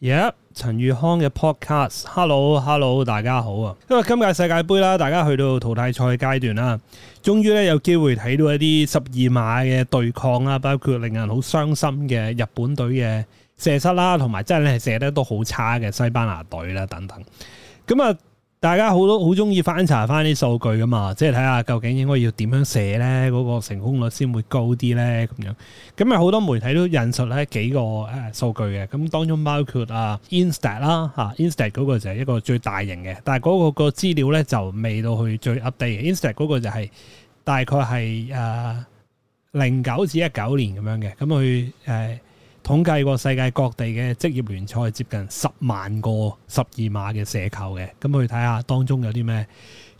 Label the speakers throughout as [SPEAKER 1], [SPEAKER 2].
[SPEAKER 1] 耶！陳宇、yeah，康嘅 podcast，hello hello，大家好啊，因為今屆世界盃啦，大家去到淘汰賽嘅階段啦，終於咧有機會睇到一啲十二碼嘅對抗啦，包括令人好傷心嘅日本隊嘅射失啦，同埋真係射得都好差嘅西班牙隊啦等等，咁、嗯、啊。大家好多好中意翻查翻啲數據噶嘛，即係睇下究竟應該要點樣寫咧，嗰個成功率先會高啲咧咁樣。咁啊好多媒體都引述咧幾個誒數據嘅，咁當中包括啊 Instat 啦嚇，啊 Instat 嗰個就係一個最大型嘅，但係嗰個個資料咧就未到去最 update。Instat 嗰個就係大概係誒零九至一九年咁樣嘅，咁佢誒統計過世界各地嘅職業聯賽接近十萬個十二碼嘅射球嘅，咁去睇下當中有啲咩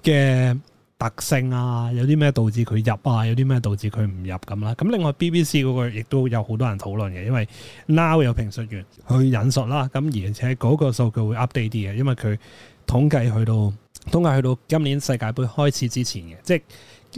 [SPEAKER 1] 嘅特性啊，有啲咩導致佢入啊，有啲咩導致佢唔入咁啦。咁另外 BBC 嗰個亦都有好多人討論嘅，因為 Now 有評述員去引述啦。咁而且嗰個數據會 update 啲嘅，因為佢統計去到統計去到今年世界盃開始之前嘅，即係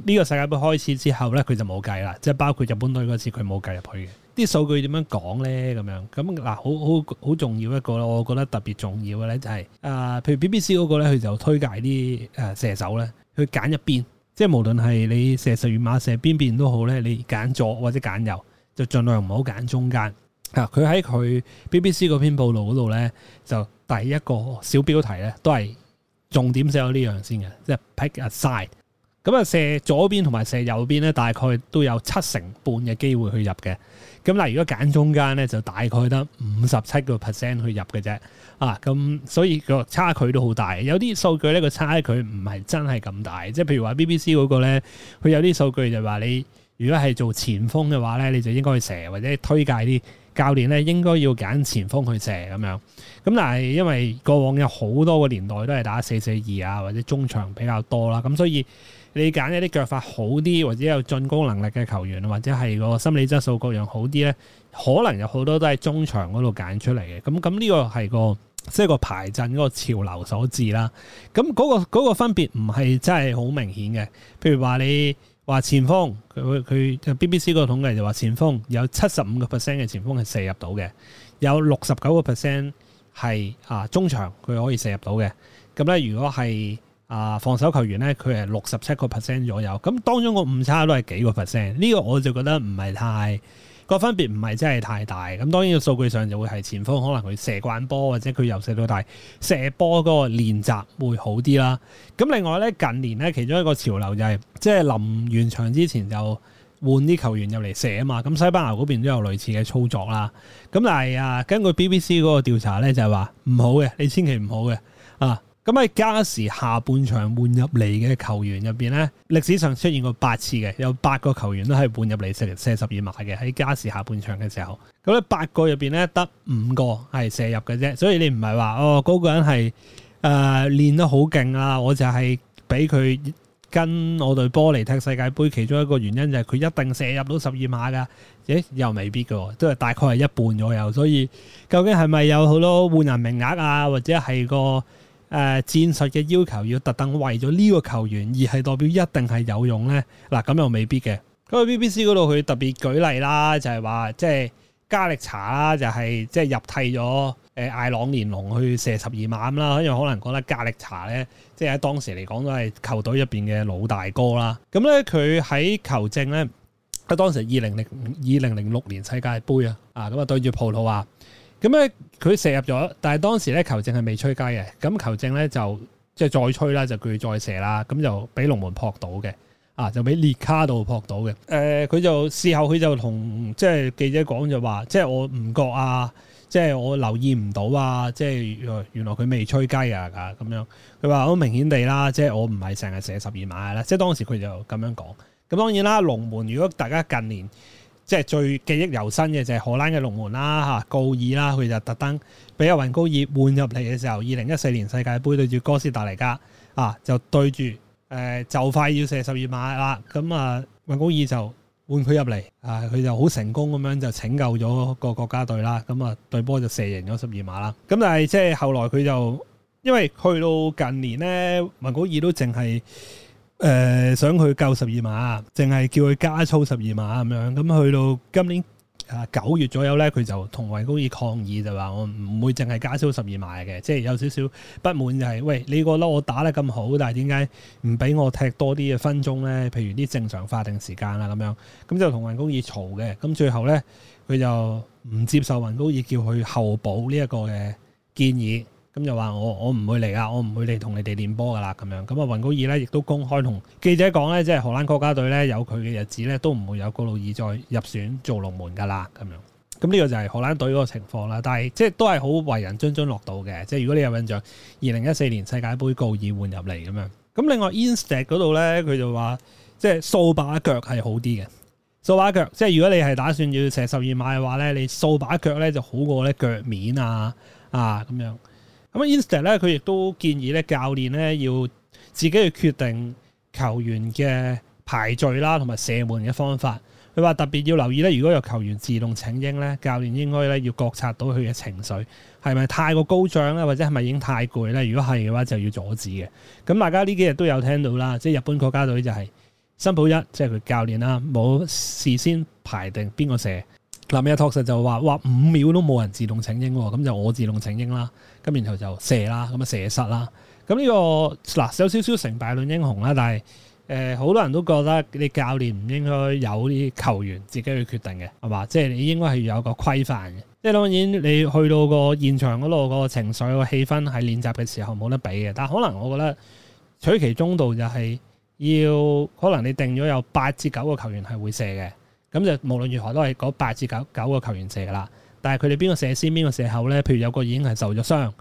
[SPEAKER 1] 呢個世界盃開始之後呢，佢就冇計啦。即係包括日本隊嗰次佢冇計入去嘅。啲數據點樣講咧？咁樣咁嗱，好好好重要一個，我覺得特別重要嘅咧、就是，就係啊，譬如 BBC 嗰個咧，佢就推介啲、呃、射手咧，去揀一邊，即係無論係你射十二碼射邊邊都好咧，你揀左或者揀右，就儘量唔好揀中間。佢喺佢 BBC 嗰篇報道嗰度咧，就第一個小標題咧，都係重點寫咗呢樣先嘅，即係 pick a side。咁啊，射左邊同埋射右邊咧，大概都有七成半嘅機會去入嘅。咁嗱，如果揀中間咧，就大概得五十七個 percent 去入嘅啫。啊，咁所以個差距都好大。有啲數據咧，個差距唔係真係咁大。即係譬如話 BBC 嗰個咧，佢有啲數據就話你如果係做前鋒嘅話咧，你就應該去射，或者推介啲教練咧，應該要揀前鋒去射咁樣。咁但係因為過往有好多個年代都係打四四二啊，或者中場比較多啦，咁所以。你揀一啲腳法好啲，或者有進攻能力嘅球員，或者係個心理質素各樣好啲咧，可能有好多都係中場嗰度揀出嚟嘅。咁咁呢個係個即係、即係、個排陣嗰個潮流所致啦。咁嗰、嗰個嗰、嗰個、分別唔係真係好明顯嘅。譬如話你話前鋒，佢佢 BBC 個統計就話前鋒有七十五個 percent 嘅前鋒係射入到嘅，有六十九個 percent 係啊中場佢可以射入到嘅。咁咧如果係啊！防守球員咧，佢係六十七個 percent 左右，咁當中個誤差都係幾個 percent，呢個我就覺得唔係太個分別，唔係真係太大。咁當然個數據上就會係前鋒可能佢射慣波或者佢由細到大射波嗰個練習會好啲啦。咁另外咧，近年咧其中一個潮流就係即係臨完場之前就換啲球員入嚟射啊嘛。咁西班牙嗰邊都有類似嘅操作啦。咁但係啊，根據 BBC 嗰個調查咧，就係話唔好嘅，你千祈唔好嘅啊。咁喺加時下半場換入嚟嘅球員入面呢，呢歷史上出現過八次嘅，有八個球員都係換入嚟射射十二碼嘅喺加時下半場嘅時候。咁呢八個入面呢，得五個係射入嘅啫。所以你唔係話哦，嗰、那個人係誒、呃、練得好勁啊，我就係俾佢跟我隊波嚟踢世界盃，其中一個原因就係佢一定射入到十二碼㗎。誒又未必嘅，都係大概係一半左右。所以究竟係咪有好多換人名額啊，或者係個？誒、呃、戰術嘅要求，要特登為咗呢個球員而係代表一定係有用咧？嗱咁又未必嘅。咁啊 BBC 嗰度佢特別舉例啦，就係話即係加力查啦，就係即係入替咗誒、呃、艾朗連龍去射十二碼啦。因為可能覺得加力查咧，即係喺當時嚟講都係球隊入邊嘅老大哥啦。咁咧佢喺球證咧喺當時二零零二零零六年世界盃啊，啊咁啊對住葡萄牙。咁咧佢射入咗，但係當時咧球證係未吹雞嘅，咁球證咧就即係再吹啦，就佢再射啦，咁就俾龍門撲到嘅，啊就俾列卡度撲到嘅。誒佢就事後佢就同即係記者講就話，即係我唔覺啊，即係我留意唔到啊，即係原來佢未吹雞啊咁樣。佢話好明顯地啦，即係我唔係成日射十二碼啦，即係當時佢就咁樣講。咁當然啦，龍門如果大家近年。即係最記憶猶新嘅就係荷蘭嘅龍門啦嚇、啊，高爾啦，佢就特登俾阿雲高爾換入嚟嘅時候，二零一四年世界盃對住哥斯達黎加啊，就對住誒、呃、就快要射十二碼啦，咁啊雲高爾就換佢入嚟啊，佢就好成功咁樣就拯救咗個國家隊啦，咁啊對波就射贏咗十二碼啦，咁但係即係後來佢就因為去到近年呢，雲高爾都淨係。誒、呃、想佢救十二碼，淨係叫佢加操十二碼咁樣。咁去到今年啊九月左右咧，佢就同雲高爾抗議就，就話我唔會淨係加操十二碼嘅，即係有少少不滿就係、是，喂你覺得我打得咁好，但係點解唔俾我踢多啲嘅分鐘咧？譬如啲正常法定時間呀咁樣。咁就同雲高爾嘈嘅。咁最後咧，佢就唔接受雲高爾叫佢候補呢一個嘅建議。咁就話我我唔會嚟啊！我唔會嚟同你哋練波噶啦咁樣。咁啊雲高爾咧亦都公開同記者講咧，即係荷蘭國家隊咧有佢嘅日子咧，都唔會有高路爾再入選做龍門噶啦咁樣。咁呢個就係荷蘭隊嗰個情況啦。但係即係都係好為人津津樂道嘅。即係如果你有印象，二零一四年世界盃告爾換入嚟咁樣。咁另外 Instad 嗰度咧，佢就話即係掃把腳係好啲嘅，掃把腳即係如果你係打算要射十二碼嘅話咧，你掃把腳咧就好過咧腳面啊啊咁樣。咁啊 Inster 咧，佢亦都建議咧，教練咧要自己去決定球員嘅排序啦，同埋射門嘅方法。佢話特別要留意咧，如果有球員自動請纓咧，教練應該咧要覺察到佢嘅情緒，係咪太過高漲咧，或者係咪已經太攰咧？如果係嘅話，就要阻止嘅。咁大家呢幾日都有聽到啦，即係日本國家隊就係森保一，即係佢教練啦，冇事先排定邊個射。林亞托託實就話：話五秒都冇人自動請纓喎，咁就我自動請纓啦。咁然後就射啦，咁啊射就失啦。咁呢、呢個嗱有少，少少成敗論英雄啦，但係呃、好多人都覺得你教練唔應該有啲球員自己去決定嘅，係嘛？即係你應該係要有個規範嘅。即係當然你去到個現場嗰度，個情緒、個氣氛喺練習嘅時候冇得比嘅。但可能我覺得取其中度就，就係要可能你定咗有八至九個球員係會射嘅。咁就無論如何都係嗰八至九九個球員射㗎啦，但係佢哋邊個射先，邊個射後咧？譬如有個已經係受咗傷，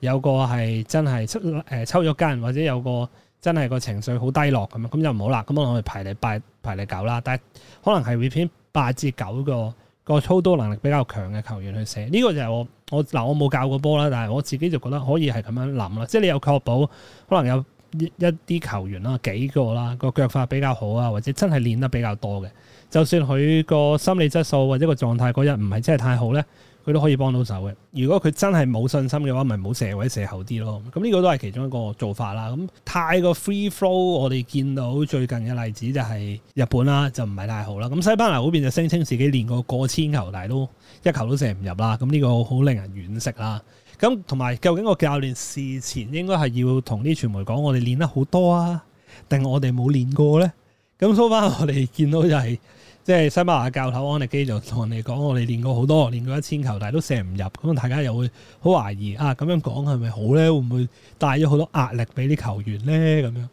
[SPEAKER 1] 有個係真係抽、呃、抽咗筋，或者有個真係個情緒好低落咁，咁就唔好啦。咁我哋去排你八排你九啦，但係可能係會偏八至九個個操刀能力比較強嘅球員去射。呢、這個就係我我嗱我冇教過波啦，但係我自己就覺得可以係咁樣諗啦。即係你有確保可能有。一一啲球員啦，幾個啦，個腳法比較好啊，或者真係練得比較多嘅，就算佢個心理質素或者個狀態嗰日唔係真係太好呢，佢都可以幫到手嘅。如果佢真係冇信心嘅話，咪冇射或者射後啲咯。咁呢個都係其中一個做法啦。咁太過 free flow，我哋見到最近嘅例子就係日本啦，就唔係太好啦。咁西班牙嗰邊就聲稱自己練過過千球，但係都一球都射唔入啦。咁呢個好令人惋惜啦。咁同埋，究竟個教練事前應該係要同啲傳媒講，我哋練得好多啊，定我哋冇練過呢？咁收翻我哋見到就係，即係西班牙教頭安力基就同我哋講，我哋練過好多，練過一千球，但係都射唔入。咁大家又會好懷疑「啊，咁樣講係咪好呢？會唔會帶咗好多壓力俾啲球員呢？」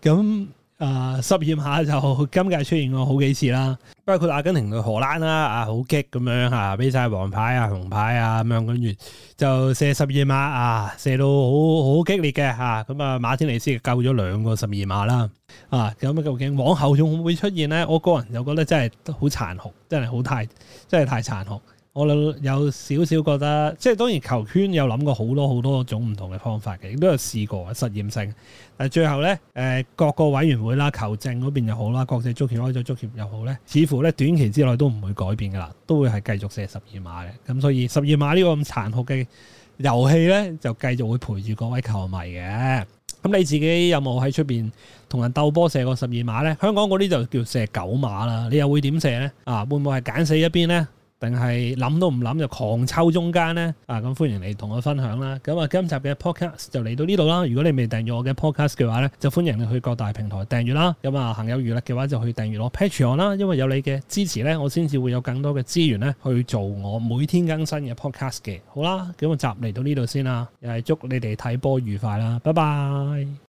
[SPEAKER 1] 咁樣咁。啊！十二碼就今屆出現過好幾次啦，包括阿根廷去荷蘭啦，啊好激咁樣啊，俾晒黃牌啊、紅牌啊咁樣咁完就射十二碼啊，射到好好激烈嘅嚇，咁啊馬天尼斯救咗兩個十二碼啦、啊，啊咁究竟往後仲會唔會出現咧？我個人就覺得真係好殘酷，真係好太，真係太殘酷。我有少少覺得，即係當然球圈有諗過好多好多種唔同嘅方法嘅，亦都有試過實驗性。但係最後呢，誒各個委員會啦、球證嗰邊又好啦、國際足協、歐洲足協又好呢，似乎呢短期之內都唔會改變噶啦，都會係繼續射十二碼嘅。咁所以十二碼呢個咁殘酷嘅遊戲呢，就繼續會陪住各位球迷嘅。咁你自己有冇喺出邊同人鬥波射過十二碼呢？香港嗰啲就叫射九碼啦，你又會點射呢？啊，會唔會係揀死一邊呢？定係諗都唔諗就狂抽中間呢？啊！咁歡迎你同我分享啦。咁啊，今集嘅 podcast 就嚟到呢度啦。如果你未訂閱我嘅 podcast 嘅話呢，就歡迎你去各大平台訂閱啦。咁啊，行有餘力嘅話就去訂閱我 Patreon 啦。因為有你嘅支持呢，我先至會有更多嘅資源呢去做我每天更新嘅 podcast 嘅。好啦，咁我集嚟到呢度先啦。又係祝你哋睇波愉快啦，拜拜。